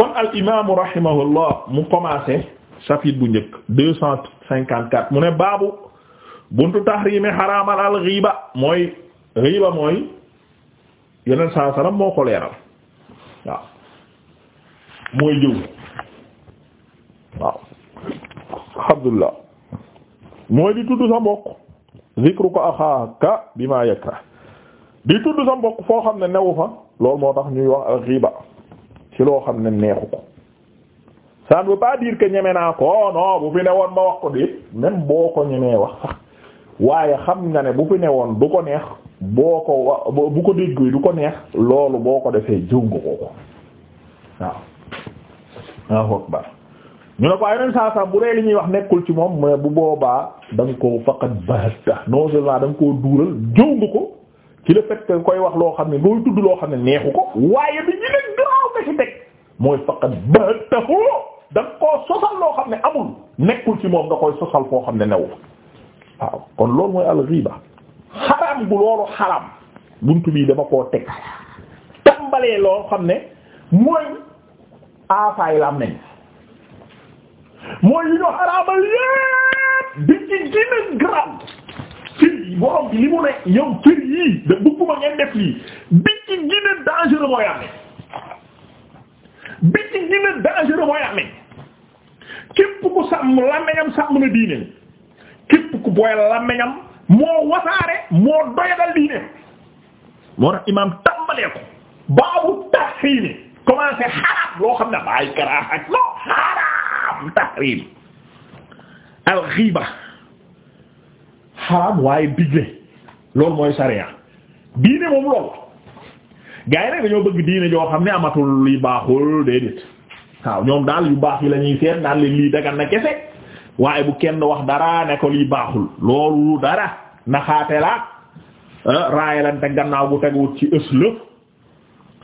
kon al imaamu mu commencé chapitre bu njëkk deux mu ne baabu buntu tahrimi xaraamal al ghiba mooy ghiba mooy yeneen salaam moo ko leeral waaw mooy jëw waaw alhamdulillah mooy di tudd sa mbokk zikru ko axaaka bi ma yakra di tudd sa foo xam ne new fa loolu moo tax ñuy wax al ghiba ci loo xam ne neexu ko ça ne veut pas dire ñeme naa ko oh non bu fi ne woon ma wax ko déet même boo ko ñemee wax sax waaye xam nga ne bu fi ne woon du ko neex boo ko wa bu ko déggee du ko neex loolu boo ko defee jëw nga ko ko waaw waaw ok ne li ñuy wax nekkul ci moom mu bu boobaa da nga koo faqat bahta non seulement koo duural jëw ko ci koy wax loo xam ne looy tudd loo xam ne neexu ko waaye bi ñu ne la ci teg mooy faqat batahu da nga koo sosal loo xam ne amul nekkul ci moom nga koy sosal foo xam ne newu waaw kon loolu mooy alxiiba xaraam bu loolu xaraam buntu bii dama koo teg tàmbalee loo xam ne mooy aafaay la am nañ mooy yu ñu xaraamal yépp bi ci gën a grave fii borom li mu ne yow kër yii da bëgguma ngeen def lii bi ci gën a mooy am gën a dangereux mooy làmmiñ képp ku sàmm làmmiñam na diine képp ku booyal moo wasaare moo doyadal diine moo tax imaam tàmbalee ko baabu tahriim commencé xaraam loo xam ne baay karaax loo xaraam tahriim al ghiba xaraam waaye digle loolu mooy sariya diine moom loolu gaa yi rek dañoo bëgg diine joo xam ne amatul li baaxul déedéet waaw ñoom daal yu baax yi lañuy ñuy seet naan leen lii dagan na kese waaye bu kenn wax dara ne ko lii baaxul loolu dara naxaate la ah, raayalante gannaaw bu teguwut ci ës la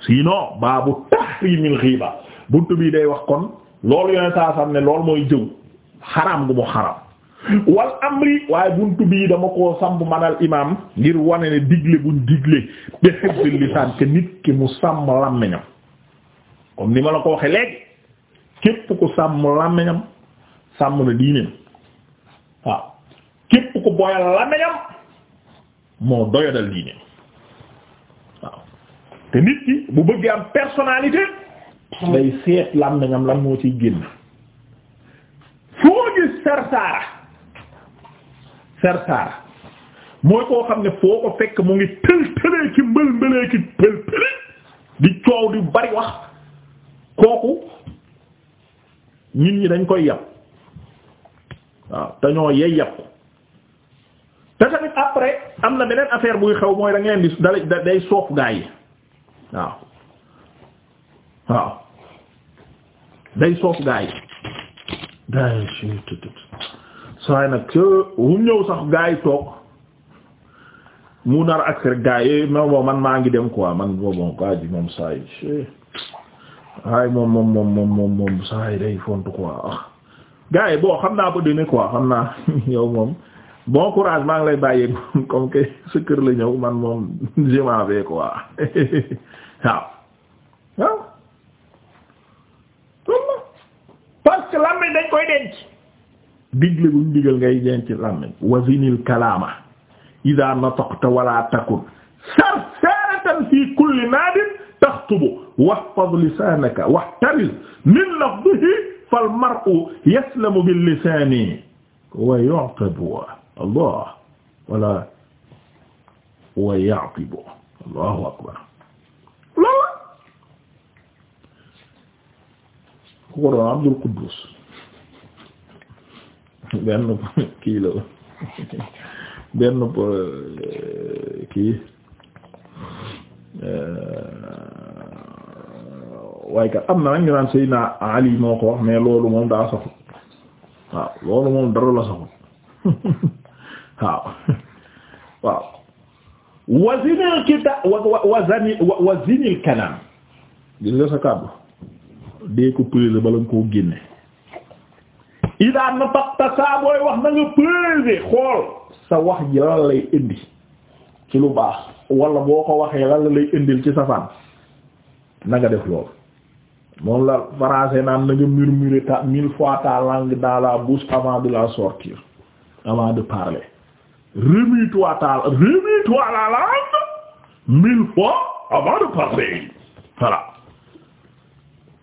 sinon baabu tahrimil ghiba bunt bii day wax kon loolu yoneen saa sam ne lool mooy jëw xaram gu mu xaraam am amri waaye bunt bii dama koo samb manal imam ngir wane ne digle buñ digle bi hifzil lisaan te nit ki mu sàmm làmmiñam comme ni ma la ko waxee léegi képp ku sàmm làmmiñam sàmm na diineem waaw képp ku boyal làmmiñam moo doyadal diineem waaw te nit ki bu bëggee am personnalité day seet làmmiñam lan moo ciy génn foo gis sersaara sersaara mooy koo xam ne foo ko fekk mu ngi tël tëlee ki mbël mbëlee ki pël pële di coow di bari wax kooku nit ñi dañ koy yàpp waaw te yey yàpp te tamit après am na beneen affaire buy xew mooy da ngeen di da day soof gaa yi waaw waaw day soof gaa yi day saay nag hum ñëw sax gaa yi toog mu nar ak rek gaa yi man man maa ngi dem quoi man boobu gaa ji moom saay eh. waaye moom moom moom moom moom moom saa yi day fontu quoi ah gars yi xam naa ba ko quoi xam naa yow moom bon courage lay bàyyi comme que sa kër la ñëw man moom je m'en vais quoi waaw waaw parce dañ koy denc digle buñ digal ngay denc làmmiñ wazinil kalama idha nataqta wala takun sarsaratan fi kulli nadin taxtubu waxfaz lisaanaka waxtariz min lafzihi fal mar'u yaslamu bil lisaani wa yu'tabu allah wala wa yu'tabu allahu akbar loolu ku ko doon Abdul Quddus benn kii la benn euh, kii euh, ka am na nag ñu naa Seydina Ali moo ko wax mais loolu moom daa saxut waaw loolu moom dara la saxut waaw waaw wazinil kita kanam gis nga sa kàddu dee ko peser bala nga koo génne idaa nataqta saa booy wax na nga peser xool sa wax ji lan lay indi ci lu baax walla boo ko waxee la lay indil ci safaan na nga def loolu moom la français naan na nga murmurer mille fois ta langue dans avant de la sortir avant de parler remue-toi ta remue-toi la langue mille fois avant de parler voilà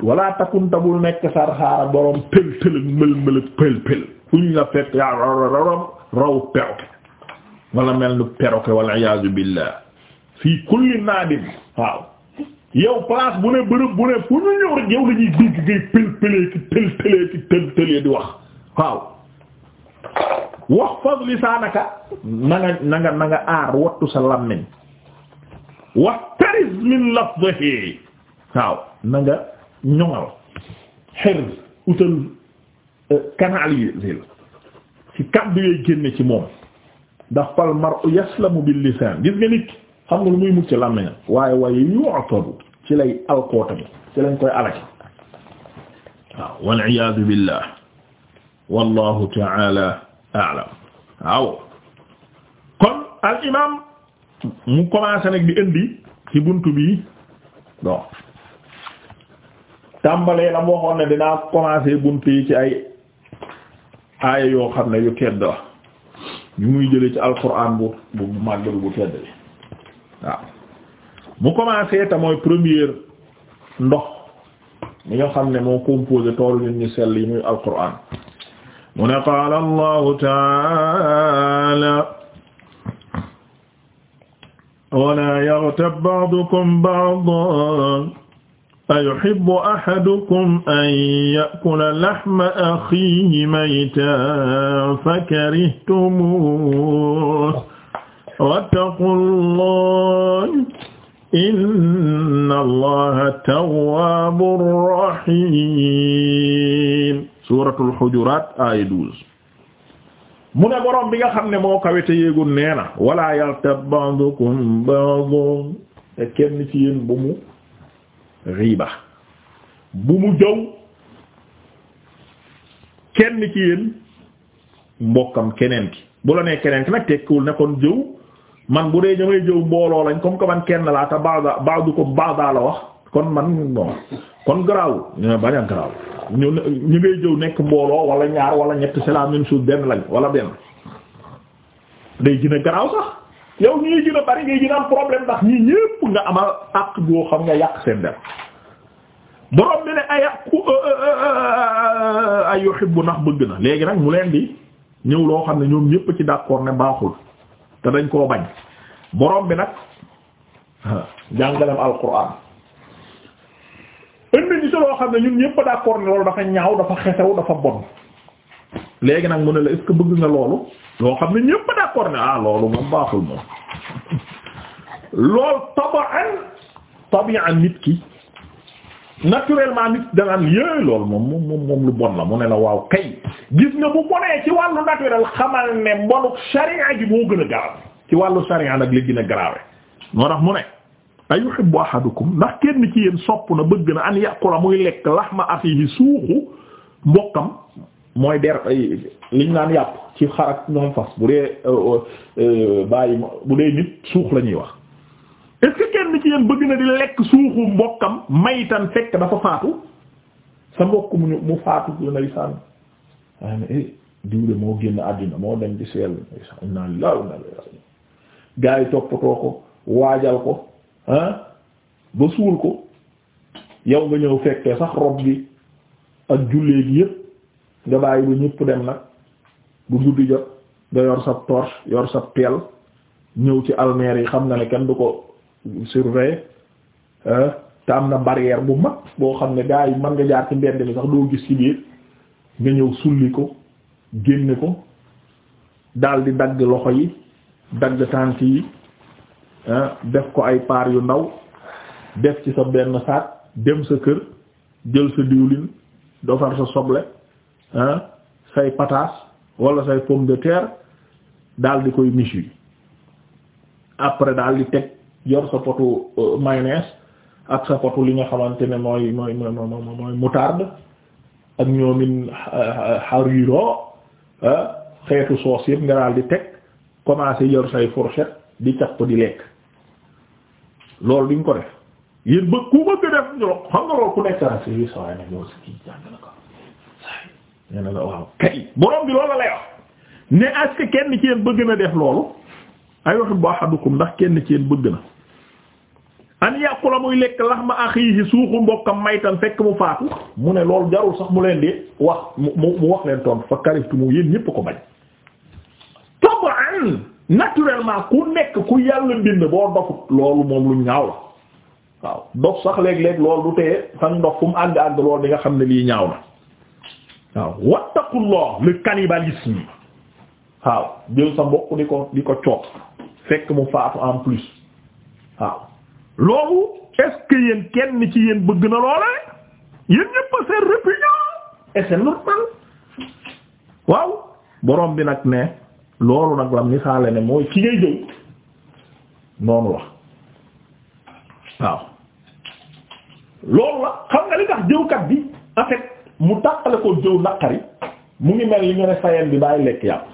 wala takunta bul nekk sarxaara borom tël tël mël mël pël pël fu la fekk yaa raw raw wala mel ni perroquet wala iyaazu billah fii kulli nadim waaw yow place bu ne bërëb bu ne fu ñu ñëw rek yow la ñuy dégg pël pëlee ki pël pëlee ki pël pëlee di wax waaw wax fas lisaanaka na nanga na aar wattu sa làmmiñ wax taris min lafzihi waaw na nga ñoŋal utal euh, canaliser ci kàddu yooy génne ci moom ndax fal mar'u yaslamu bil lisaan gis nga nit xam nga lu muy mucc làmmiñam waaye waaye yu'tabu ci lay alkoo tamit ci lañ koy alaki waaw wal iyaadu billah wallahu ta'ala a'lam waaw kon al imam mu commencé nag di indi ci bunt bi bon tàmbalee la mu waxoon ne dinaa commencé buntu yi ci ay aaya yoo xam ne yu tedd la muy jëlee ci alquran bu bu màggal bu tedd bi waaw mu commencé te mooy première ndox mi nga xam ne moo composé toolu nit ñu sell yi muy alquran mu ne qaala allahu taala wala yaghtab ba'dukum ba'dan ayuhibbu ahadukum an ya'kula lahma akhihi maytan fakarihtumuuh wattaqullah inna allaha tawwabur rahim suratul hujurat aya 12 mu ne borom bi nga xam ne moo kawete yéegul nee na wala yaltab ba'dukum ba'dan te bu mu riiba bu mu jaw kenn ci yéen keneen ki bu la nee keneen ki nag tekkiwul ne kon jëw man bu dee ñamay jëw mbooloo lañ comme que man kenn laa te baada baadukum baada la wax kon man bon kon garaawul ñu bañ a garaaw ñu ñu ngay jëw nekk mbooloo wala ñaar wala ñett c'est la même benn lañ wala benn day gën a garaaw sax yow ñuy gën a bari ngay gën a problème ndax ñi ñépp nga amal àq boo xam nga yàq seen der borom bi ne ay euh, euh, euh, ay yuhibbu ndax bëgg na léegi nag mu leen di ñëw loo xam ne ñoom ñépp ci d'accord ne baaxul te dañ koo bañ borom bi nag jàngalem alquran indi ñu ci loo xam ne ñun ñépp d'accord ne loolu dafa ñaaw dafa xesew dafa bon léegi nag mu ne la est-ce bëgg nga loolu loo xam ne ñépp d'accord ne ah loolu moom baaxul moom lool tabaan tabaan nit ki naturellement nit danaan yéey loolu moom moom moom lu bon la mu ne la waaw kay gis nga bu bonee ci wàllu naturel xamal ne mbonuk sharia ji moo gën a garaaw ci wàllu sharia nag li gën a garaawe moo tax mu ne ayuhibbu ahadukum ndax kenn ci yéen sopp na bëgg na an yàqula muy lekk lahma afihi suuxu mbokkam mooy der liñ naan yàpp ci xarak ñoom fas bu dee euh, euh, euh, bàyyi bu dee nit suux la ñuy wax est-ce que kenn ci yéen bëgg na di lekk suuxu mbokkam maytan fekk dafa faatu sa mbokk mu mu faatu lu nay sànn waaye eh, moo génn àddina moo dem ci seel inna lillahi wa inna ilayhi toppatoo ko waajal ko ah ba suul ko yow nga ñëw fekkee sax rob gi ak jullee gi yépp nga bàyyi ba ñépp dem nag bu guddi jot nga yor sa torche yor sa peel ñëw ci almeer yi xam nga ne kenn du ko surveiller te am na barrière bu mag boo xam ne gars yi mën nga jaar ci mbedd mi sax doo gis ci biir nga ñëw sulli ko génne ko daal di dagg loxo yi dagg tànk yi def ko ay paar yu ndaw def ci sa benn saat dem sa kër jël sa diwlin dofar sa soble say pataas wala say pomme de terre daal di koy miche yi après daal di teg yor sa potu euh, mayonnaise ak sa potu li nga xamante ne mooy mooy mooy mooy moutarde ak ñoomin euh, harira euh, xeetu soos yëpp nga daal di teg commencé yor say fourchette di capp di lekk loolu di ko def yéen ba ku bëgg def ño xam nga loolu ku nekk ra si sawaay nag yow si kii ko saay nee na la waaw kay borom bi loolu la lay ne est kenn ci yéen bëgg na def loolu ay waxu bu ahadukum ndax kenn ci yéen bëgg na an yàqula muy lekk laxma axiihi suuxu mbokkam maytan fekk mu faatu mu ne loolu jarul sax mu leen di wax mu mu wax leen tontu fa kariftu mu yéen ñépp ko bañ taban naturellement ku nekk ku yàlla bind boo dofut loolu moom lu ñaaw la waaw dof sax léeg-léeg loolu du teye sax ndox fu mu àgg àgg loolu di nga xam ne lii ñaaw na waaw wattaqullah le cannibalisme waaw jël sa mbokk di ko di ko coot fekk mu faatu en plus waaw loolu est-ce kenn ci yéen bëgg na loola yéen ñëpp a c'est répugnant normal waaw borom bi nag ne loolu nag la misaale ne mooy ki ngay jëw noonu la waaw loolu la xam nga li tax jëwkat bi en mu tàqale ko jëw naqari mu ngi mel li nga ne sayeen bi bàyyi lekk yàpp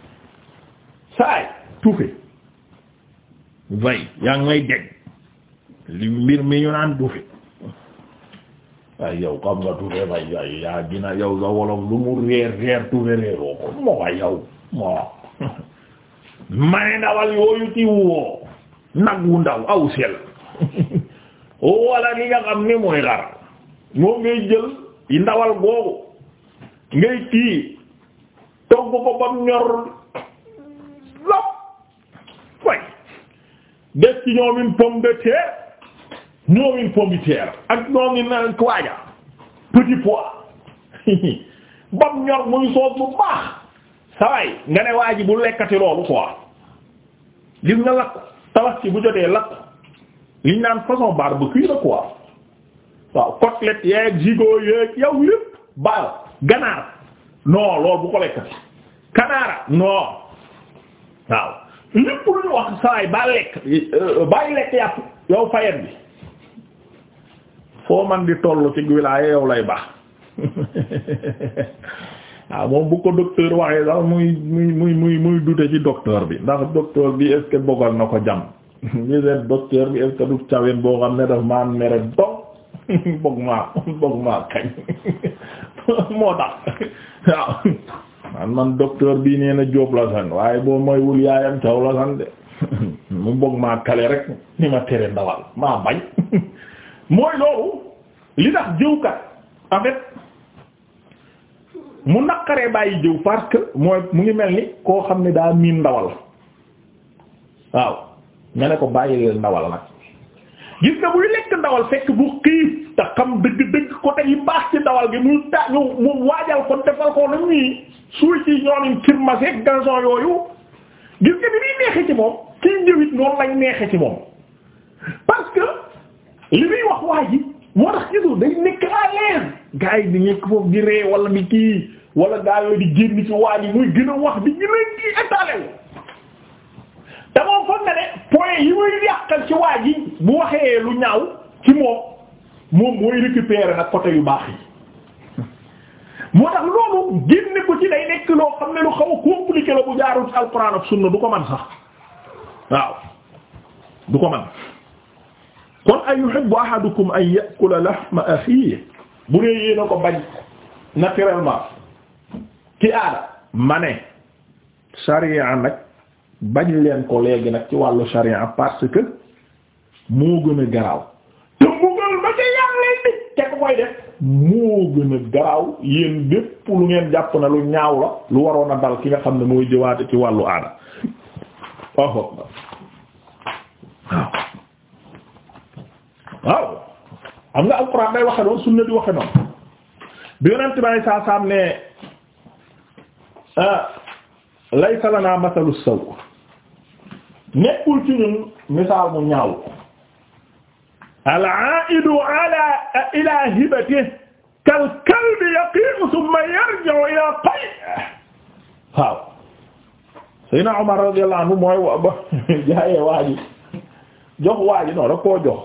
saay tuufe way yaa ngi may dégg mbir mi naan dufe waaye yow xam nga tufe way way yaa gina yow wolof lu mu reer reer tufe reeroo ko moo way yow moo mane ndawal yooyu ci woo nag wu ndaw aw sel wala li nga xam ni mooy xar moom ngay jël ndawal googu ngay kii togg ko ñor def ci ñoomin pomme de terre ñoomin pomme de terre ak ñoomin na waaja petit pois bam ñor muy soos bu baax saway nga ne waa bu lekkati loolu quoi gis nga lakk tabax ci bu jotee lakk liñ naan façon barbecue la quoi waaw côtelette yeeg gigot yeeg yow yëpp baal ganaar non loolu bu ko lekkati kanaara non waaw lépp lu ñu wax saa yi ba lekk bàyyi lekk yàpp yow fayet bi foo man di toll ci wilaaya yow lay baax waaw moom bu ko docteur waxee sax muy muy muy muy muy dute ci docteur bi ndax docteur bi est-ce na ko jam ñu seen docteur bi est du cawin boo xam ne daf maan mere dog bog maa bog maa kañ moo tax waaw man man docteur bii neena jóob la san waaye boo mooy wul yaayam caw la san de mu bëgg maa kale rek ni ma tere ndawal maa bañ mooy loolu li tax jëwkat en fait mu naqaree bàyyi jëw parce que mooy mu ngi mel ni koo xam ne daa miin ndawal waaw nga ne ko bàyyi leen ndawal nag gis nga buy lekk ndawal fekk bu xiif te xam dëgg-dëgg côté yi baax ci ndawal gi muy ta ñu mu waajal ko defal ko na ñii suuy ci ñoomin kirmaseeg ganson yooyu gis nga bi muy neexe ci moom kiy njëwit noonu lañ neexe ci moom parce que li muy wax waa ji moo tax gisul day nekk à l'aise gars yi di nekk foofu di ree wala di kii wala gaa di génn ci waa muy gën a wax di gën a kii étalewu te moom foog na ne point yi muy yàqal ci waa bu waxee lu ñaaw ci moom moom mooy récupérer nag côté yu baax yi moo tax loolu génne ko ci day nekk loo xam ne lu xaw a compliqué la bu jaarul ci alquran ak sunna du ko man sax waaw du ko man kon ay yuhibbu ahadukum an ya'kula lahma akhihi bu dee yéena ko bañ naturellement ki aada ma ne sharia nag bañ leen ko léegi nag ci wàllu sharia parce que moo gën a garaaw te mbugal ma ci yàlla di te ko koy def moo gën a garaaw yéen bépp lu ngeen jàpp na lu ñaaw la lu waroon a dal ki nga xam ne mooy jëwaate ci wàllu aada waaw waaw am nga alxuraan day waxe noonu sunna di waxe noonu bi yonent bàyyi saa saam ne ah, laysa lanaa masalu saw nekkul ci ñun misaal mu ñaaw al aa'idu ala ila hibatihi kal kalbi yaqii'u thumma yarji'u ila qay'ihi waaw Seydina Umar radiyallahu anhu mooy wa ba jaayee waaji jox waaji noonu rek koo jox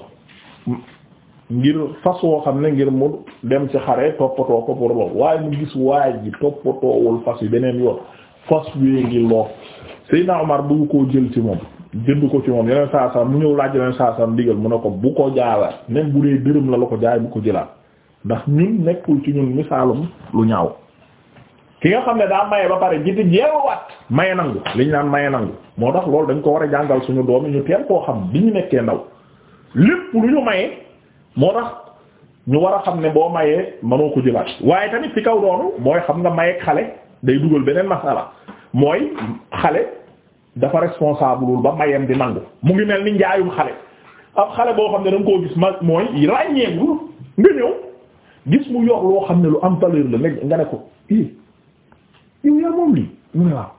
ngir fas woo xam ne ngir mu dem ci xare toppatoo ko pour loolu waaye mu gis waaji toppatoowul fas yi beneen yoon fas wee ngi loo Seydina Umar bëgg koo jël ci moom jënd ko ci moom yeneen saa saa mu ñëw laaj yeneen saa saa ndigal mu ne ko bu ko jaawal même bu dee la ko jaay bu ko jëlaat ndax ñun nekkul ci ñun misaalum lu ñaaw ki nga xam ne daa maye ba pare jiti jeewaat maye nangu liñ naan maye nangu moo tax loolu dañ ko war a jàngal suñu doomi ñu teel koo xam bi ñu nekkee ndaw lépp lu ñu maye moo tax ñu war a xam ne boo mayee mënoo ko jëlaat waaye tamit ci kaw doonu mooy xam nga mayeeg xale day dugal beneen masala mooy xale dafa responsable wul ba mayem di nangu mu ngi mel ni njaayum xale ab xale boo xam ne da ko gis ma mooy ràññeegul nga ñëw xam ne lu am valeur la nag nga ne ko i yow yaa moom lii mu ne waaw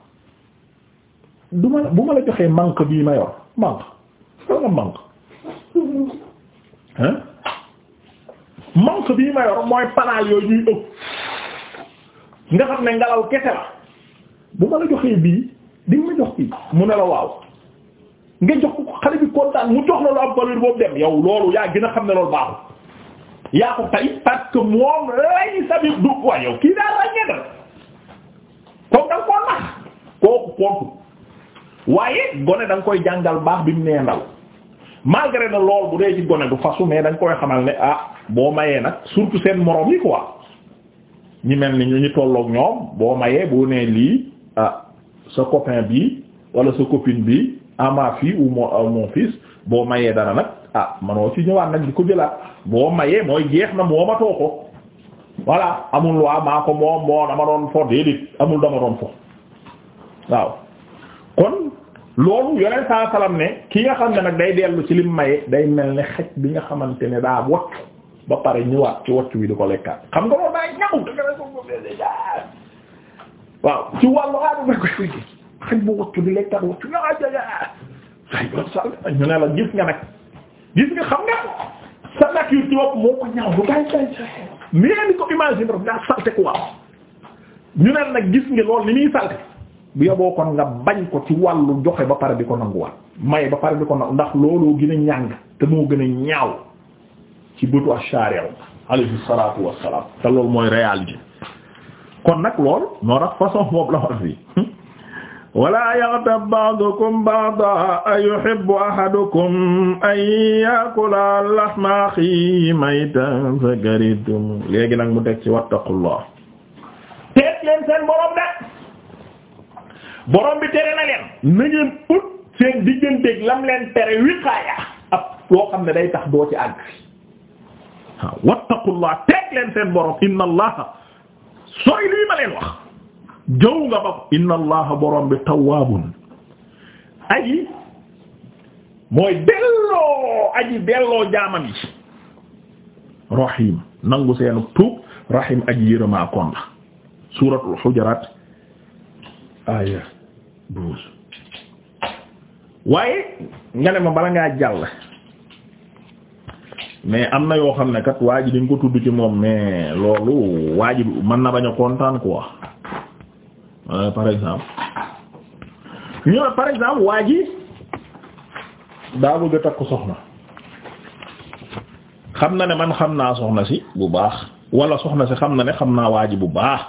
du ma bu ma la joxee manque bii ma yor manque wala manque hein manque bii ma mooy panaal yooyu ñuy ëpp nga xam ne ngelaw kese la bu ma la joxee bii di nga jox kii mu ne la waaw nga jox ko xale bi kontaan mu jox la lu am valeur boobu dem yow loolu yaa gën a xam ne loolu baaxul yaa ko tay parce que moom lay sabi du waa yow kii daal ràññee na comme da koo nax kooku kontu waaye gone da koy jàngal baax bi mu nee ndaw malgré na lool bu dee ci gone du fasu mais da nga koy xamal ne ah boo mayee nag surtout seen moroom yi quoi ñi mel ni ñu ñu tolloog ñoom boo mayee boo nee lii ah sa copain bi wala sa copine bi à fi ou mon à mon boo mayee dara nag ah manoo ci ñëwaat nag di ko jëlaat boo mayee mooy jeex na moomatoo ko voilà amul waa maa ko moom moo dama doon fo déedéet amul dama doon fo waaw kon loolu yoneen saa salam ne ki nga xam ne nag day dellu ci lim maye day mel ne xaj bi nga xamante ne daa waccu ba pare ñëwaat ci waccu wi di ko lekkaat xam nga loolu daay ñaw waaw ci wàllu aadama koy koy gis xañ bu ñu ne la gis nga nag gis nga xam nga sa nature ci bopp moo ko ñaaw lu ni ko imagine rek daa salte quoi ñu ne nag gis nga lool ni muy salte bu yoboo kon nga bañ ko ci wàllu joxe ba pare di ko nanguwaat may ba pare di ko nangu ndax looloo gën a ñàng te moo gën a ñaaw ci bëtu ak sharia alayhi salaatu wassalaam te loolu mooy réalité kon nag lool moo tax façon boobu la wax fii wala yaghtab ba'dukum ba'dan ayuhibbu ahadukum an yakula lahma akhihi maytan fakarihtum léegi nag mu teg ci wattaqullah teet leen seen borom de borom bi tere na leen na ngeen ut seen digganteeg lam leen tere wiqaaya ab loo xam ne day tax doo ci àgg waaw wattaqullah teet leen seen borom inna allaha sooy lii ma leen wax jëw nga ba inna allaha borom bi tawwaabun aji mooy delloo aji delloo jaamam yi rahim nangu seenu tuub rahim aji yërëmaa kon la suuratul xujuraat aya waaye nga ne bala ngaa jàll mais am na yoo xam ne kat waa ji dañ ko tudd ci moom mais loolu waa ji mën na bañ a ko quoi euh, par exemple ñu par exemple waa ji daa bëgg a takk soxna xam na ne man xam naa soxna si bu baax wala soxna si xam na ne xam naa waa bu baax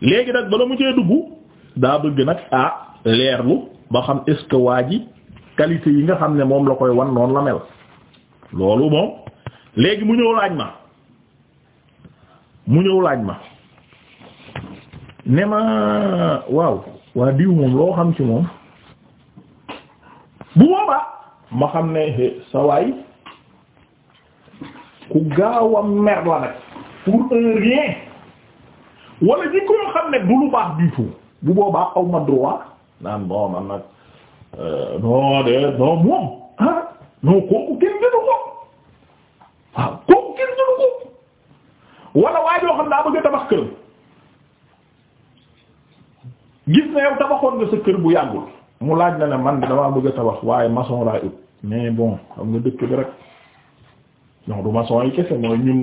léegi nag bala mu cee dugg daa bëgg nag ah leerlu ba xam est-ce waa ji qualité yi nga xam ne moom la koy wan noonu la mel loolu moom léegi mu ñëw laaj ma mu ñëw laaj ma ne ma waaw waa diw moom loo xam ci moom bu boobaa ma xam ne eh, sa waay ku gaaw a mer la nag pour un rien wala ñi ko xam ne du lu baax du bu boobaa aw ma droit naan non man nag euh, non de non moom ah kooku kenn gënu ko waaw kooku kenn mënu ko wala waa xam daa bëgg tabax këram gis na yow tabaxoon nga sa kër bu yàggul mu laaj na ne man damaa bëgg tabax waaye maçon laa ut mais bon xam nga dëkk bi rek non du yi kese mooy ñun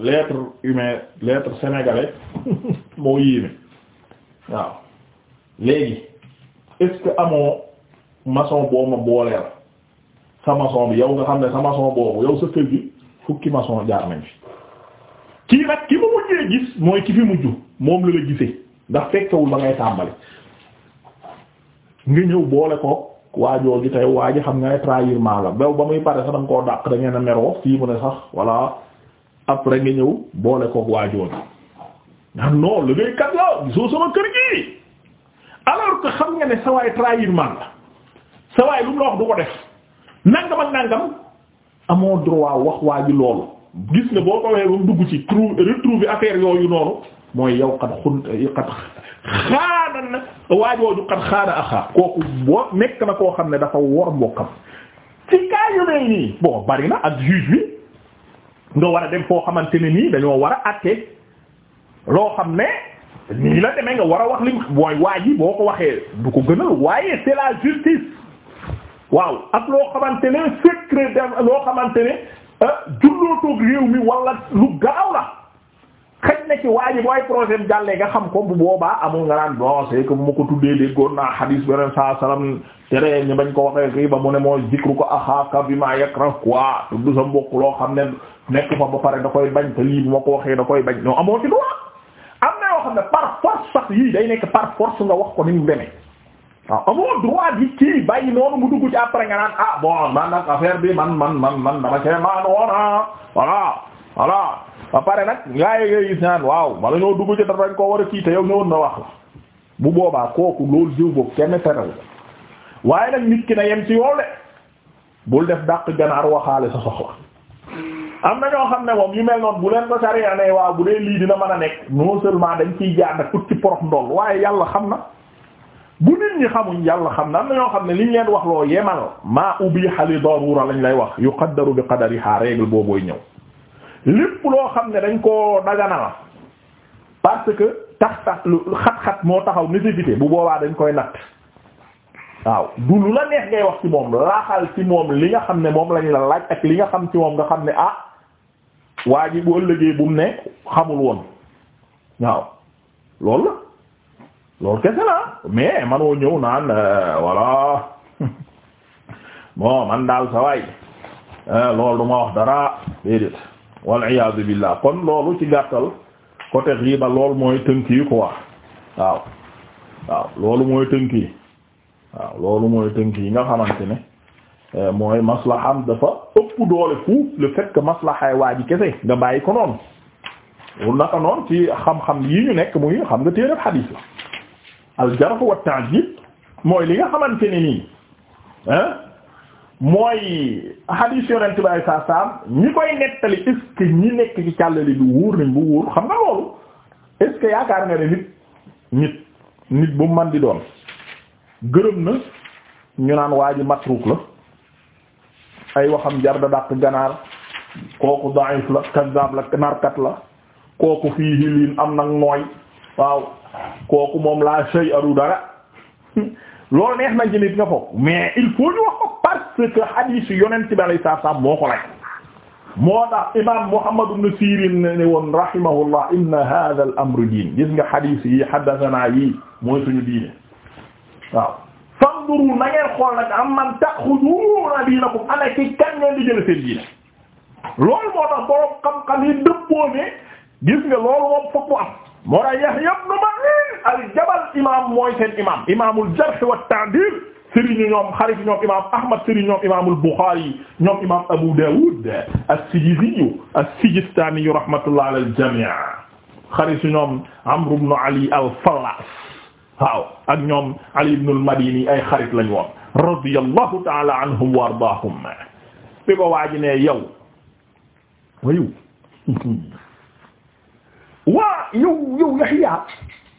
l'être humain l'être sénégalais moo yéeme waaw léegi est-ce que amoo maçon boo ma booleel sa maçon bi yow nga xam ne sa maçon boobu yow sa kër gi fukki maçon jaar nañ fi kii nag ki mu mujjee gis mooy ki fi mujj moom la la gisee ndax fekkewul ba ngay tàmbali nga ñëw boole ko waajooju tey waa ji xam nga ne trahir la bew ba muy pare sax danga koo dàq da ngeen a meroo fii mu ne sax voilà après nga ñëw boole koog waajooju ndax non liggéeykat la gisoo sama kër gi alors que xam nga ne sa waay la sa lu mu la wax du ko nangam ak nangam amoo droit wax waa ji loolu gis nga boo ko waxee dugg ci trou retrouver affaire yooyu noonu mooy yow xat xun xat xaana na waa xat xaana axaa kooku boo nekk na koo xam ne dafa wor mbokkam ci cas yu nii bon bari ak juge bi nga war a dem foo xamante ne nii dañoo war a àtte loo xam ne nii la demee nga war a wax lim mooy waa ji boo ko waxee du ko gënal waaye c'est la justice waaw at loo xamante ne secret de loo xamante ne ah, jullootoog réew mi wala lu gaaw la xëj na ci waa ji bu ay projet bi jàllee nga xam ko bu boobaa amul nga naan bon c'est ko bu ma ko tuddee déggoon naa xadiis beneen saa salaam tere ñu bañ ko waxee kii ba mu ne mooy zikru ko axaaka bi maa yakrah quoi tudd sa mbokk loo xam ne nekk fa ba pare da koy bañ ko lii bu ma ko waxee da koy bañ non amoo ci droit am na yoo xam ne par force sax yii day nekk par nga wax ko ni mu demee waaw ah, amoo droit bi kii bàyyi noonu mu dugg ci après nga naan ah bon man nag affaire bi man man man man dama cee maanoona ah, voilà voilà ba pare nag gaa yi ngay gis naan waaw bala ñoo dugg ci dara dañ koo war a kii te yow ñëwoon na wax la bu boobaa kooku loolu jiw boobu kenn terew waaye nag nit ki na yem ci yoon de bul def dàq ganaar waxaale sa soxla am na ñoo xam ne moom yu mel noonu bu leen ko sariya ne waaw bu dee lii dina mën a nekk non seulement dañ ciy jaar nag ut ci porof ndoll waaye yàlla xam na bu nit ñi xamuñ yàlla xam na am na ñoo xam ne liñ leen wax loo yemal maa ubiha li darura lañu lay wax yuqaddaru bi qadariha règle boobooy ñëw lépp loo xam ne dañ koo dagana la parce que tax tax lu xat-xat moo taxaw nécessité bu boobaa dañ koy natt waaw du lu la neex ngay wax ci moom laaxal ci moom li nga xam ne moom lañ la laaj ak li nga xam ci moom nga xam ne ah waa ji bu ëllëgee bu mu ne xamul woon waaw loolu loolu kese la mais manoo ñëw naan euh, voilà bon man daal sa waay euh, loolu ma wax dara déedéet wal iyaadu billah kon loolu ci gàttal côté riba loolu mooy tënk yi quoi waaw waaw loolu mooy tënk yi waaw loolu mooy tënk yi nga xamante ne euh, mooy maslaham dafa ëpp doole fuuf le fait que waa ji kese nga bàyyi ko noonu naka noonu ci xam-xam yi ñu nekk muy xam nga téereb xadiis la aljarh wa ta'dil mooy li nga xamante ne nii mooy hadith yonent bi ay saa saam ñi koy nettali est-ce ñi nekk ci càllale bi wóor nañ bu wóor xam nga loolu est yaakaar nga ne nit nit nit bu man di doon gërëm na ñu naan waa ji matruk la ay waxam jar da dàq ganaar kooku da'if la kazzab la narkat la kooku fii hiliin am nag nooy waaw moom laa sey aru dara loolu neex na jëlit nga foog mais il faut ñu wax ko parce que hadith yonent bi alayhi moo ko lay moo tax imam Muhammad ibn Sirin ne woon rahimahullah inna hadha al amru diin gis nga hadith yi haddathana yi mooy suñu diine waaw fanduru na ngeen xool nag am man ta'khuduna diinakum ana ci kan ngeen di jël seen diine loolu moo tax borom xam-xam yi dëppoo ne gis nga loolu moom foog mu am moo tax Yahya ibn Ma'in al-Jabal imaam mooy seen imaam imaamul jarh wa ta'dil sëriñu ñoom xaritu ñoom imaam Ahmad sëriñu ñoom imaamul Bukhari ñoom imaam Abu Dawud as-Sijizi as-Sijistani rahmatullah ala al-jami' xaritu ñoom Amr ibn Ali al-Fallas waaw ak ñoom Ali ibn al-Madini ay xarit lañu woon radiyallahu ta'ala anhum wa ardaahum bi ko waaji ne yow wayu waa yow yow Yaxya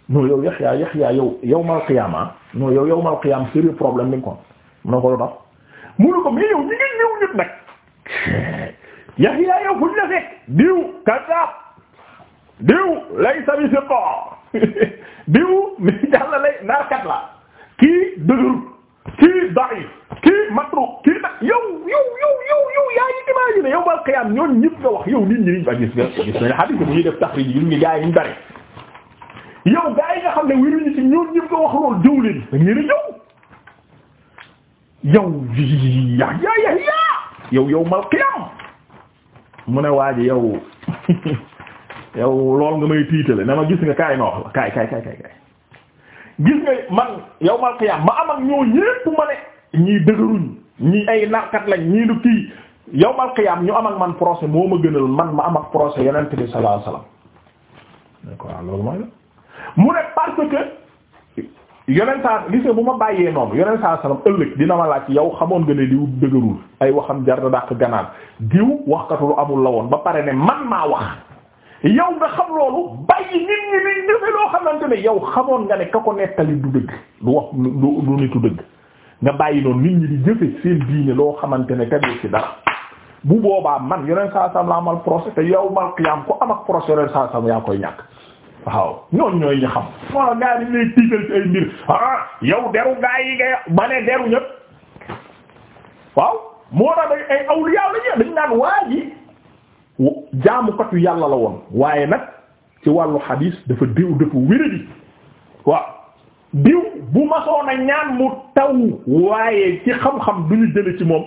non yow Yaxya Yaxya yow yawmal qiyaama non yow yawmal qiyaama sérieux problème lañ ko mun na ko doon mënu ko mais yow ñu ngi ñëw ñun nag Yaxya yow fuñ la fekk diw kazaab diw laysa bi siqa diw mi jàll lay narkat la kii dëgër. kii da'if kii matruk kii nag yow yow yow yow yow yaa ngi imaginer yow bal qiyaam ñoon ñëpp nga wax yow nit ñuy def taxrij yi ngi gaa yi bari yow gaa yi nga xam ne wéruñu ci ñoon ñëpp nga wax lool jëw leen a ñëw yow ya ya ya mal qiyaam mu ne waa ji yow lool nga may tiitale ne ma gis nga kaay ma wax la kaay kaay gis nga man yawmal qiyaam ma am ak ñoo ñépp ma ne ñii dëgëruñ ñii ay narkat lañ ñii du kii yawmal qiyaam ñu am ak man procès moo ma gënal man ma am ak procès yonent bi sallallahu alayhi wasallam d'accord saa gis nga bu ma bàyyee noonu yonent saa sallam ëllëg dina ma laaj yow xamoon nga ne diw dëgërul ay waxam jar na dàq ganaar diw waxkatu lu amul la woon ba pare ne man maa wax yow nga xam loolu bàyyi nit ñi liñ defe loo xamante ne yow xamoon nga ne ka ko nettali du dëgg du wax du nitu dëgg nga bàyyi noonu nit ñi di jëfe seen diine loo xamante ne tegu ci dara bu boobaa man yeneen saa sam amal procès te yow mal qiyam ko am ak procès yeneen saa sam yaa koy ñàkk waaw ñooñ ñooy ñu xam waaw gaa yi lay tiital ci ay mbir ah yow deru gaa yi nga ba ne deru ñëpp waaw moo tax ay awliya la ñu dañ naan waa jaamukatu yàlla la woon waaye nag ci wàllu xadiis dafa diw dafa wéradi waaw diw bu masoon a ñaan mu taw waaye ci xam-xam du ñu jële ci moom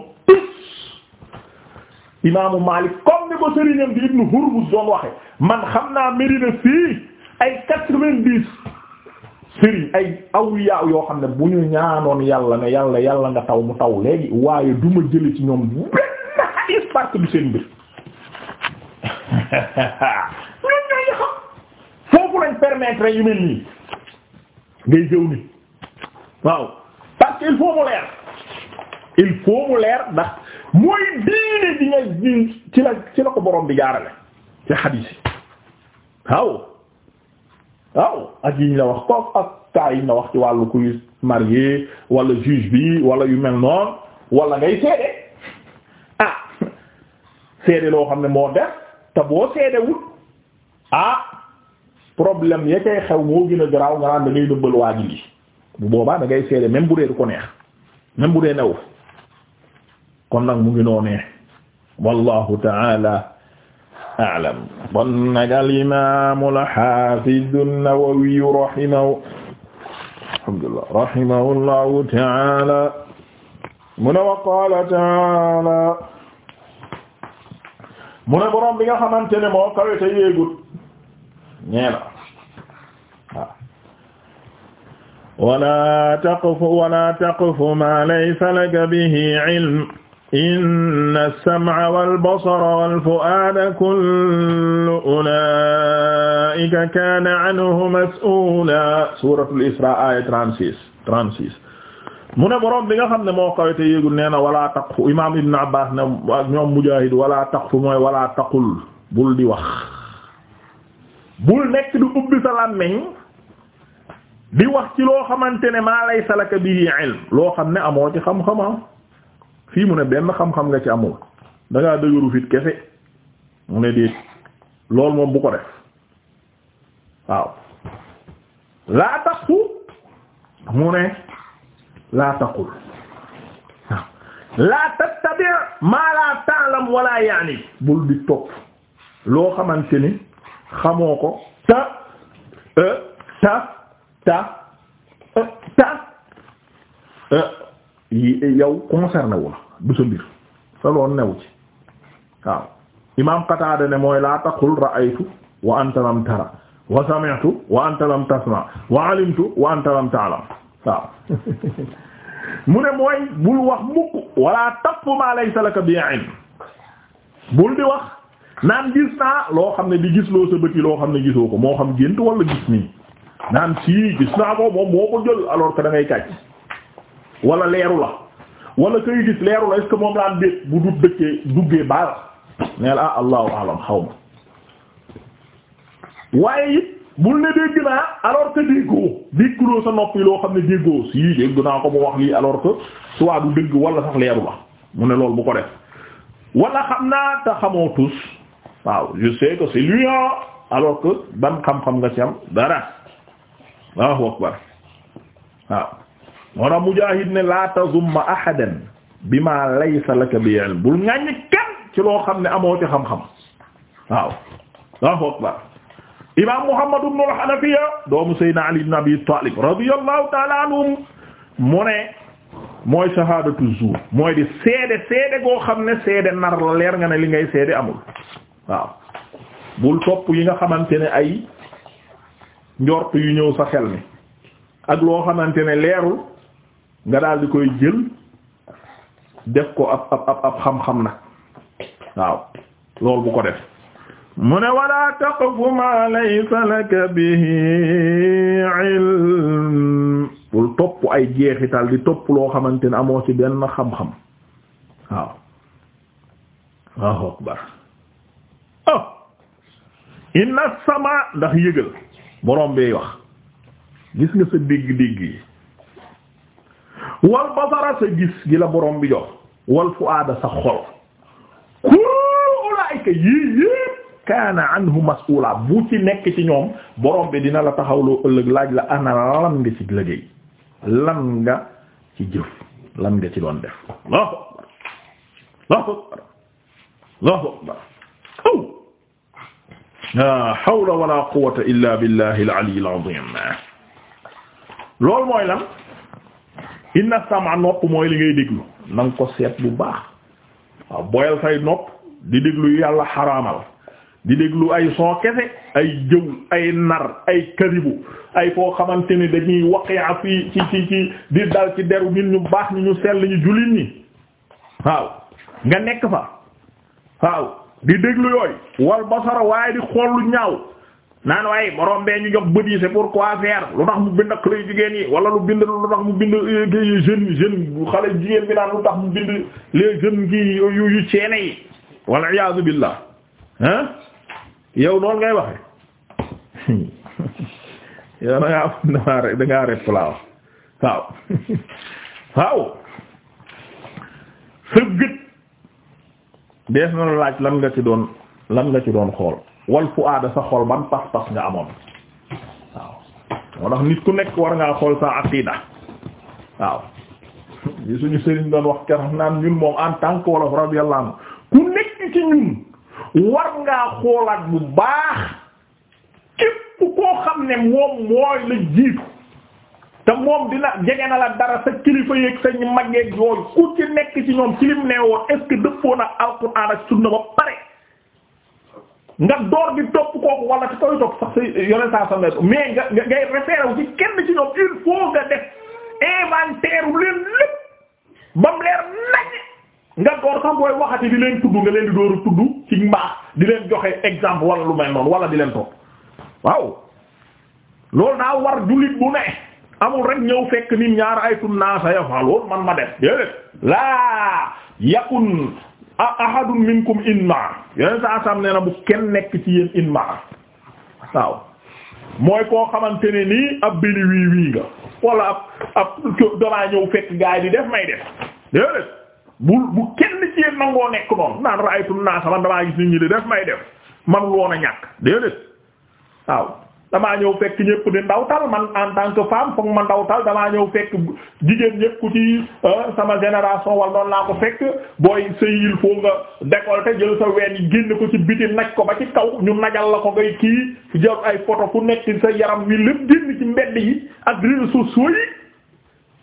imaamu Maalik comme ni ko sëriñam di Ibnu Hurmuz doon waxe man xam naa Medina fii ay quatre vingt sëriñ ay awliya yoo xam ne bu ñu ñaanoon yàlla na yàlla yàlla nga taw mu taw léegi waaye du ma jële ci ñoom benn xadiis parce que seen mbir ñoom ñooy xam foofu nii waaw parce que il faut mu leer il faut mu leer ndax mooy diine di nga ci la ci la ko borom bi jaarale ci xadiis yi waaw waaw ak yi la wax koof ak kaa la wax ci wàllu kuy marié wala juge bi wala yu mel noonu wala ngay seede ah seede loo xam ne moo def te boo seedewul ah problème ya kay xew moo gën a garaaw nga naan da ngay dëbbal waa ji lii bu boobaa da ngay seede même bu dee du ko neex même bu dee new kon nag mu ngi noonee wallahu taala alam kon nag al imaamu al xaafizu an-Nawawi rahimahu alhamdulillah rahimahu allahu taala mu ne wa qaala taala mu ne borom bi nga xamante ne moo kawe te yéegut ñee na waaw wala taqfu wala taqfu ma laysa laka bihi ilm inna as-sam'a wal basara wal fu'ada kullu ulaa'ika kaana anhu mas'uula suuratul Israa aaya 36 36 mu ne boroom bi nga xam ne moo kawite yéegul nee na wala taqfu imaam Ibn Abbas ne ak ñoom Mujaahid wala taqfu mooy wala taqul bul di wax bul nekk di ubbi sa làmmiñ di wax ci loo xamante ne maa laysa laka bihi ilm loo xam ne amoo ci xam-xama ah. fii mu ne benn xam-xam nga ci amul da ngaa dëgëru fit kese mu ne déet loolu moom bu ko def waaw laa taqfu mu ne laa taqul laa tattabi maa laa ta'lam wala yaani bul di topp loo xamante ni xamoo ko ta e, ta ta e, ta e, yow concerné wu la du sa mbir sa loon new ci waaw imam Qatada ne mooy laa taqul ra'aytu wa anta lam tara wa sami'tu wa anta lam tasma wa alimtu wa anta lam ta'lam waaw mu ne mooy bul wax mukk wala taqfu ma laysa laka bi ilm bul di wax naan gis naa loo xam ne di gis loo sa bët yi loo xam ne gisoo ko moo xam gént wala gis nii naan sii gis naa ko moom moo ko jël alors que da ngay kàcc wala leeru la wala kay gis leeru la est-ce que moom laan déet bu dut dëkkee duggee baal neel ah allahu alam xaw ma waaye it bul ne dégg naa alors que déggoo dégguloo sa nopp loo xam ne déggoo si dégg naa ko mu wax lii alors que soit du dégg wala sax leeru la mu ne loolu bu ko def wala xam naa te xamoo tous waaw je sais que c'est lui ah, alors que ban xam-xam nga ci am dara waaw akbar waaw moo tax Mujaahid ne la tazumma ahadan bima laysa laka bi ilm bul ŋàññ kenn ci loo xam ne amoo ci xam-xam waaw waaw akbar imam Muhammad ibn al-Hanafiya doomu Seydina Ali ibn Abi Talib radiyallahu ta'ala mu ne mooy shahadatu zuur mooy di seede seede goo xam ne seede nar la leer nga ne li ngay seede amul waaw bul topp yi nga xamante ne ay njort yu ñëw sa xel mi ak loo xamante ne leerul nga daal di koy jël def ko ab ab ab xam-xam nag waaw loolu bu ko def mu ne wala taqfu ma laysa laka bihi ilm bul topp ay jeexital di topp loo xamante ni amoo ci benn xam-xam waaw waaw akbar oh inna sama ndax yëgal borom bee wax gis nga sa dégg-dégg yi wal basara sa gis gi la borom bi jox wal fuaada sa xol ku ulaayka yii yépp kaana anhu mas'ula bu ci nekk ci ñoom borom bi dina la taxawloo ëllëg laaj la ana lan nga ci liggéey lan nga ci jëf lan nga ci doon def allahu akbar allahu akbar allahu akbar la hawla wala quwwata illa billahi al-ali al-azim loolu mooy lan inna sama nopp mooy li ngay déglu na ko seet bu baax waaw boyal say nopp di déglu yàlla xaraamal di déglu ay son kese ay jëw ay nar ay karibu ay foo xamante ni dañuy waqia fii ci ci ci di dal ci deru nit ñu baax ñi ñu sell ñu jullit ñi waaw nga nekk fa waaw di déglu yooyu wal basara waaye di xool lu ñaaw naan waaye borom bee ñu jox bët yi c'est pourquoi faire lu tax mu bind ak lay jigéen yi wala lu bind lu tax mu bind jeune jeune xale jigéen bi naan lu tax mu bind les jeunes gi yu yu ceene yi wal iyaazu billah hein yow noonu ngay waxe yow da ngaa dangaa da ngaa rep laa waaw waaw fëggët dees na la laaj lan nga ci doon lan nga ci doon xool wal fu aada sa xol ban pas-pas nga amoon waaw moo tax nit ku nekk war ngaa xool sa aqida waaw li suñu sëriñ doon wax keroog naan ñun moom en tant que wolof radiyallahu ku nekk ci ñun war ngaa xoolaat bu baax képp koo xam ne moom mooy la jiitu te moom dina jege na la dara sa kilifa yeeg sa mag yeeg yooyu ku ci nekk ci ñoom ci nee woon est-ce que na alxuraan ak sunna ba pare nga door di topp kooku wala ci koy topp sax si yoneen saa sa nga mais nga ngay référé ci kenn ci ñoom il faut nga def inventaire leen lépp bam leer nañ nga door sax booy waxati di leen tudd nga leen di dooru tudd ci mbaax di leen joxe exemple wala lu may noonu wala di leen toog waaw loolu daa war jullit bu ne amul rek ñëw fekk nit ñaar ay tun naa sa yafaloon man ma def déedéet laa yakun ahadun minkum inmaa yeneen sa asam nee na bu kenn nekk ci yéen inmaa waaw mooy koo xamante ne nii ab bili wii wii nga wala ab ab damaa ñëw fekk gaay di def may def déedéet bu bu kenn ci yéen nangoo nekk noonu naan raaytu naasa man damaa gis nit ñi di def may def man woon a ñàkk waaw damaa ñëw fekk ñëpp di ndawtal man en tant que foog ma ndawtal damaa ñëw fekk jigéen ñëpp ku ci euh, sama génération wala noonu laa ko fekk booy sëy il faut nga décolleté jël sa ween génn ko ci biti nag ko ba ci kaw ñu najal la ko ngay kii jël ay photo ku nekk sa yaram wi lépp génn ci mbedd yi ak réseaux sociaux yi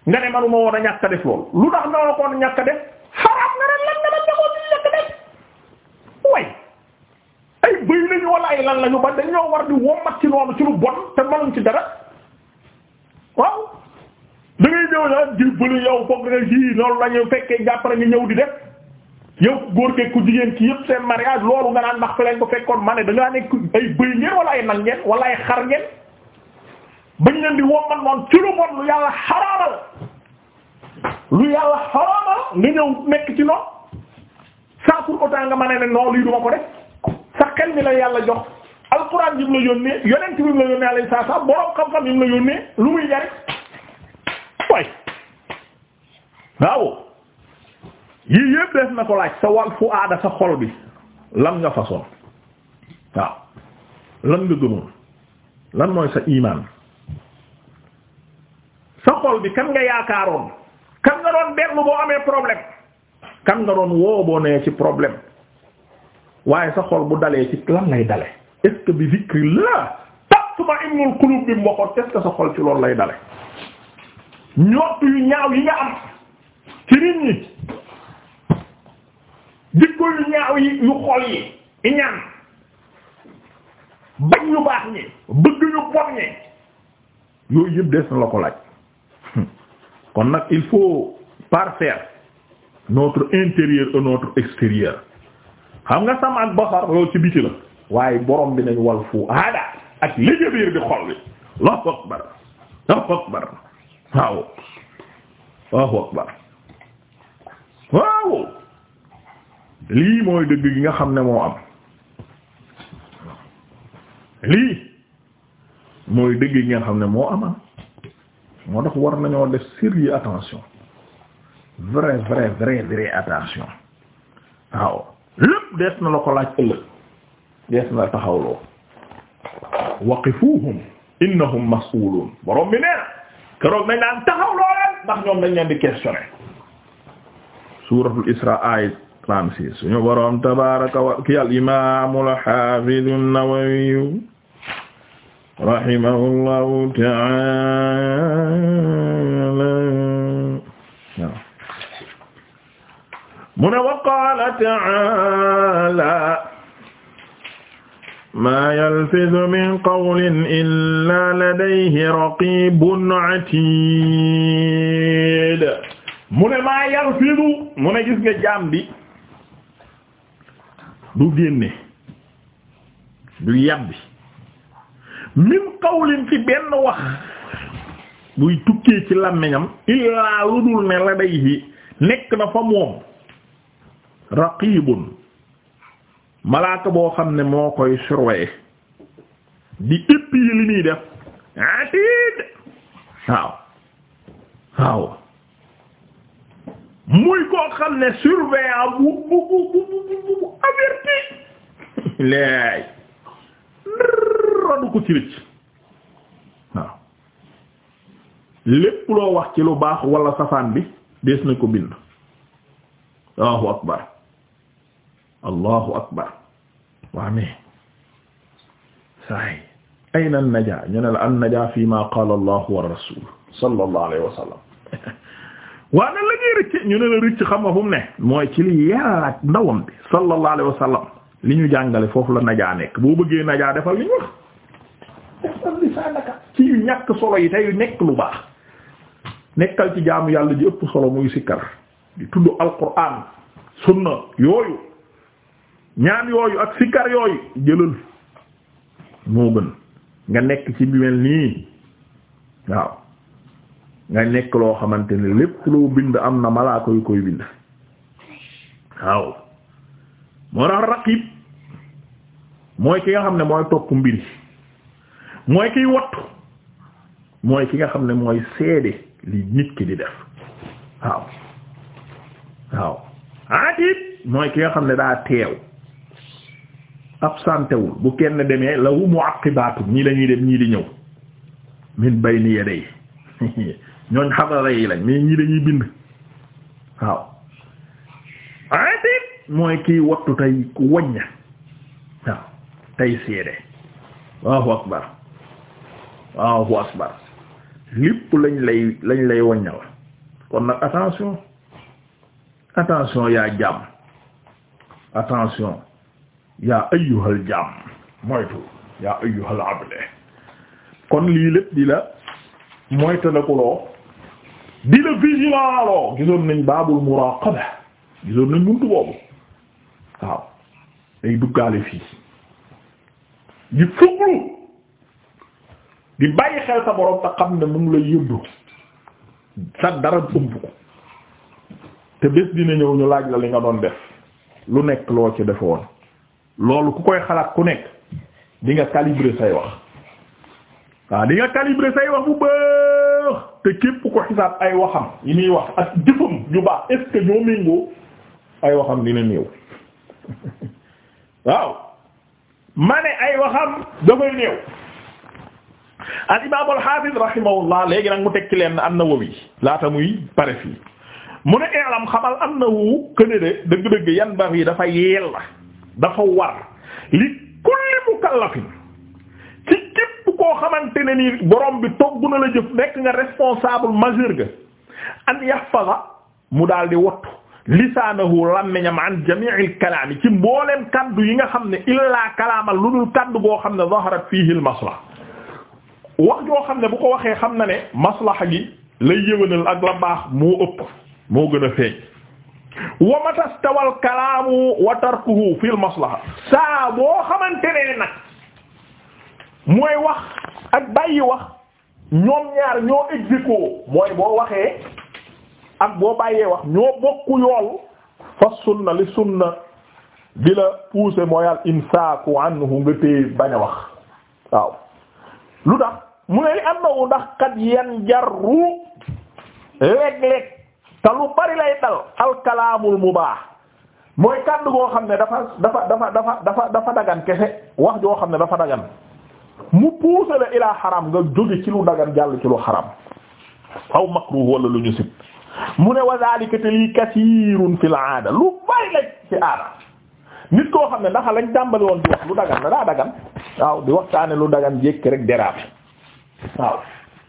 nga ne manuma woon a ñàkk a a ñàkk a def xaraam na ren lan nga def njaboot yi lekk def way ay bëy lañu wala ay lan lañu ba dañoo war di wommat ci noonu ci lu bon te manuñ ci dara waaw da ngay ñëw naan ji bële yow foog nga ji loolu la ñu fekkee jàpp na nga ñëw di def yow góor geeg ku jigéen ci yëpp seen mariage loolu nga naan ndax fi lañ ko fekkoon ma ne da ngaa nekk ay bëy ngeen wala ay nag ngeen wala ay xar ngeen bañ leen di wommat noonu ci lu bon lu yàlla xaraamal. lu yàlla xaraama nga ñëw nekk ci noonu sans ko autant nga mën a ne non lii duma ko def sa xel mi la yàlla jox alxuraan bi mu la yónnee yonent bi mu la yónnee alayhi xam-xam bi mu la yónnee lu muy jari waaw yii yëpp def na ko laaj sa wal fu aada sa xol bi lan nga façon waaw lan nga gëmoon lan mooy sa imaan sa xol bi kan nga yaakaaroon kan nga doon berlu boo amee problème kan nga doon woo boo ci problème waaye sa xol bu dalee ci lan lay dale est-ce que bi zikrillah tatma innul qulub bi mu waxoon est-ce sa xol ci loolu lay dale ñott yu ñaaw yi nga am ci nit ñi jikko yu ñaaw yi yu xol yi iñaan bañ ñu baax ñi bëgg ñu bon ñi yooyu yëpp des na la ko laaj kon nag il faut parfaire notre intérieur et notre extérieur xam nga sama basar loolu ci biti la waaye boroom bi nañ wal fu aada ak léjabéer di xol bi Allahu akbar Allahu akbar waaw Allahu waaw lii mooy dëgg gi nga xam ne moo am lii mooy dëgg gi nga xam ne moo am moo tax war nañoo def sérieux attention vrai vrai vrai attention waaw lépp dees na la ko laaj ëllëg dees na la taxawloo waqifuhum innahum mas'ulun borom bi nee na keroog nañ naan taxawloo leen ndax ñoom dañ leen di questionner suratul isra ayat 36 suñu borom tabaraka wa ki al imam al hafiz an-Nawawi rahimahullahu ta'ala mu ne wa qaala maa yalfizu min qawlin illaa ladayhi raqiibun atiid mu ne maa yalfizu mu ne gis nga jaam bi du génne du yàbbi min qawlin ci benn wax buy tukkee ci làmmiñam illaa ludul ne ladayhi nekk na fa moom raqibun malaaka boo xam ne moo koy surveiller di épier li muy def atid waaw waaw muy koo xam ne surveillant bu bu bu bu bu averti léegi radu ko ci rëcc waaw lépp loo wax ci lu baax walla safaan bi des na ko bind Allahu akbar allahu akbar waame saay ayna an ñu ne la an najaa fi ma qaala allahu wa rasul waa nan la ñuy rëcc ñu ne la rëcc xam nga fu ne mooy ci li yàlla ndawam bi sallallahu alayhi wa li ñu jàngale foofu la najaa nekk boo bëggee najaa defal li ñu wax defal li solo yi tey nekk lu baax nekkal ci jaamu yàlla ji ëpp solo muy sikkar di tudd alquran sunna yooyu ñaan yooyu ak sikkar yooyu jëlal moo gën nga nekk ci bi mel nii waaw nga nekk loo xamante ne lépp loo bind am na malaaka yu koy bind waaw moo tax raqib mooy ki nga xam ne mooy topp mbir mooy kiy wattu mooy ki nga xam ne mooy seede li nit ki di def waaw waaw atib mooy ki nga xam ne daa teew absenté wul bu kenn demee lahu mu'aqibaatu ñii dañuy dem ñii di ñëw min bayni yaday ñooñ xadara yi lañ mais ñii lañuy bind waaw mooy kii wattu tey wañña waaw tey seede Allahu akbar Allahu akbar lépp lañ lay lañ lay waññal kon nag attention attention yaa jàmm attention yaa ayyuhal jaam moytu yaa ayyuhal abd kon lii lépp di la moytandikuloo di la vigilant loo gisoon nañ baabul muraqaba gisoon nañ buntu boobu waaw day duggaale fii di fuglu di bàyyi xel sa borom te xam ne mu la lay yëddu sa dara ëmb ko te bés dina ñëw ñu laaj la li nga doon def lu nekk loo ci defe loolu ku koy xalaat ku nekk di nga calibrer say wax waaw di nga say wax bu baax te képp ko xisaab ay waxam yi muy wax ak jëfam yu baax ñoo méngoo ay waxam dina néew waaw ma ay waxam dafay néew al imaam al hafiz rahimahullah léegi nag mu tekki leen an-Nawawi laata muy pare fii mu ne i'lam xamal annahu këne de dëgg-dëgg yan bari dafa yeel la dafa war li kulli mukallafin ci képp koo xamante ne ni borom bi togg na la jëf nekk nga responsable majeur ga an yahfaza mu daal di wattu lisaanahu làmmiñam an jami'il kalaami ci mbooleem kaddu yi nga xam ne illaa lu dul kaddu goo xam ne zaharat fiihi al maslaha wax joo xam ne bu ko waxee xam na ne maslaha gi lay yëwénal ak la baax moo ëpp moo gën a feeñ wa matastawal kalaamu wa tarkuhu fil maslaha saa boo xamante ne nag mooy wax ak bàyyi wax ñoom ñaar ñoo exéco mooy boo waxee ak boo bàyyee wax ñoo bokku yool fa sunna li sunna bi la pousser mooy al imsaaku anhu nga téye bañ a wax waaw lu tax mu ne li annahu ndax kat yan jarru léeg-léeg te lu bari lay dal alkalaamul baax mooy kàddu goo xam ne dafa dafa dafa dafa dafa dafa dagan kese wax joo xam ne dafa dagan mu puusa ilaa xaram nga jóge ci lu dagan jàll ci lu xaram aw makruh wala lu ñu sib mu ne wa zalika te lii kasiirun fil lu bari la ci aada nit koo xam ne ndax lañ tàmbali woon di wax lu dagan na daa dagan waaw di waxtaane lu dagan jékki rek dérapé waaw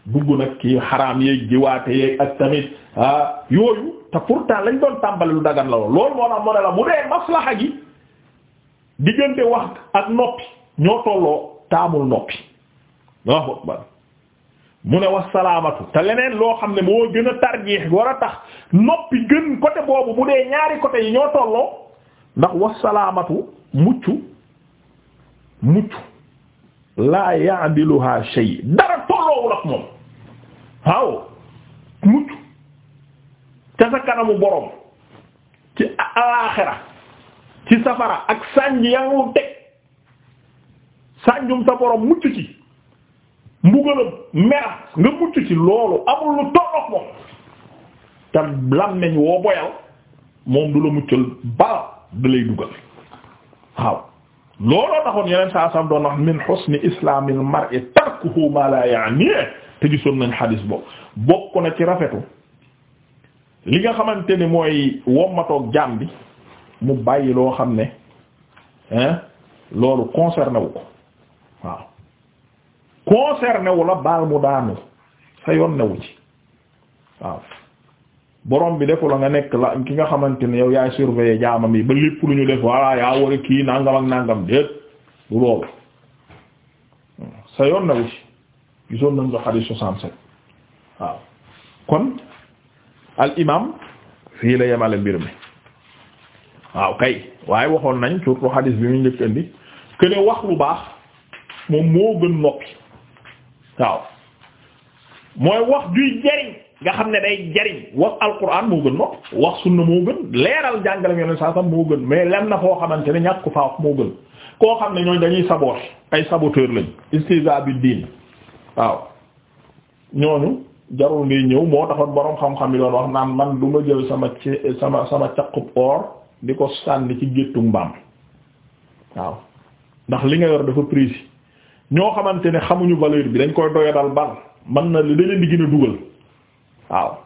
dugg nag kii xaraam yeeg jiwaate yeeg ak tamit Ah, yooyu te pourtant lañ doon tàmbali lu dagan la lool loolu moo tax mu ne la mu dee maslaxa gi diggante wax ak noppi ñoo tolloo taamul noppi mu ne wax salaamatu te leneen loo xam ne moo gën a tarjiix war a tax noppi gën côté boobu bu dee ñaari côté yi ñoo tolloo ndax wax salaamatu mucc mucc laa yaadiluha shay dara tolloowul ak moom waaw mucc ca sa kanamu borom ci alaaxira ci safara ak sànj yangu teg sànjum sa borom mucc ci mbugalam meram nga mucc ci loolu amul lu tollook moom te lam woo boyal moom du la muccal ba da dugal waaw looloo taxoon yeneen saa sam doon wax min husni islamil mar'i tarkuhu ma la ya'ni te gisoon nañ xadis boobu bokk na ci rafetu li nga xamante ni mooy wommatoog jaam bi mu bàyyi loo xam ne hein loolu concerné wu ko waaw concerné la baal mu daanu sa yoon newu ci waaw borom bi defu la nga nekk la ki nga xamante ni yow yaay surveiller jaamam yi ba lépp lu ñu def walla yaa war a kii nangam ak nangam déet loolu sa yoon newu ci waaw kon al imam fii la yemale mbir mi waaw kay waaye waxoon nañ surtout xadiis bi mu njëkk indi que wax lu baax moom moo gën noppi waaw mooy wax juy jariñ nga xam ne day jariñ wax alquran moo gën noppi wax sunna moo gën leeral jàngale yoon saa sam moo gën mais lem na koo xamante ne ñàkk faa wax moo gën koo xam ne ñooñ dañuy saboot ay saboteur lañ istiza bi diin waaw ñooñu jarul ngay ñëw moo taxoon boroom xam-xam yi doon wax naan man du ma jël sama ci sama sama caqub or di ko sànni ci géttu mbaam waaw ndax li nga yor dafa précis ñoo xamante ne xamuñu valeur bi dañ koy doyadal bal man na li da leen di gën a dugal waaw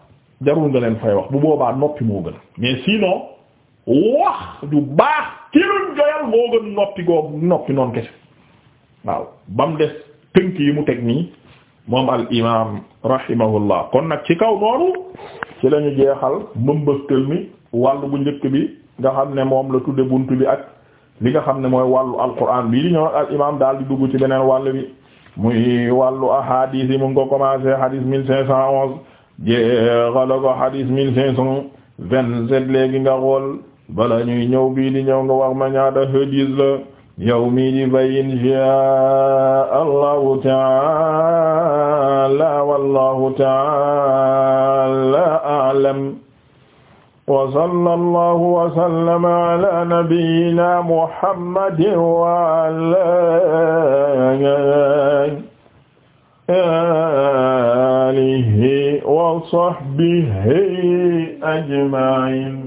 jarul nga leen fay wax bu boobaa noppi moo gën mais sinon wax du baax ki luñ doyal moo gën noppi googu noppi noonu kese waaw bam des tënk yi mu teg nii moom al imaam rahimahullah kon nag ci kaw noonu ci la ñu jeexal mbëmbëstal mi wàll bu njëkk bi nga xam ne moom la tudde bunt bi ak li nga xam ne mooy wàllu alquran bii di ñëw al imaam daal di dugg ci beneen wàll bi muy wàllu ahadis yi mu ngi ko commencé hadis mille cinq cent onze jeexala ko hadis mille cinq cent vingt-sept léegi nga xool bala ñuy ñëw bii di ñëw nga wax ma ñaata hadis la yow mii di bay inshaa allahu taala wallahu taala a'lam wa sallallahu wa sallama ala nabiyyina muhammadin wa ala alihi wa sahbihi ajma'in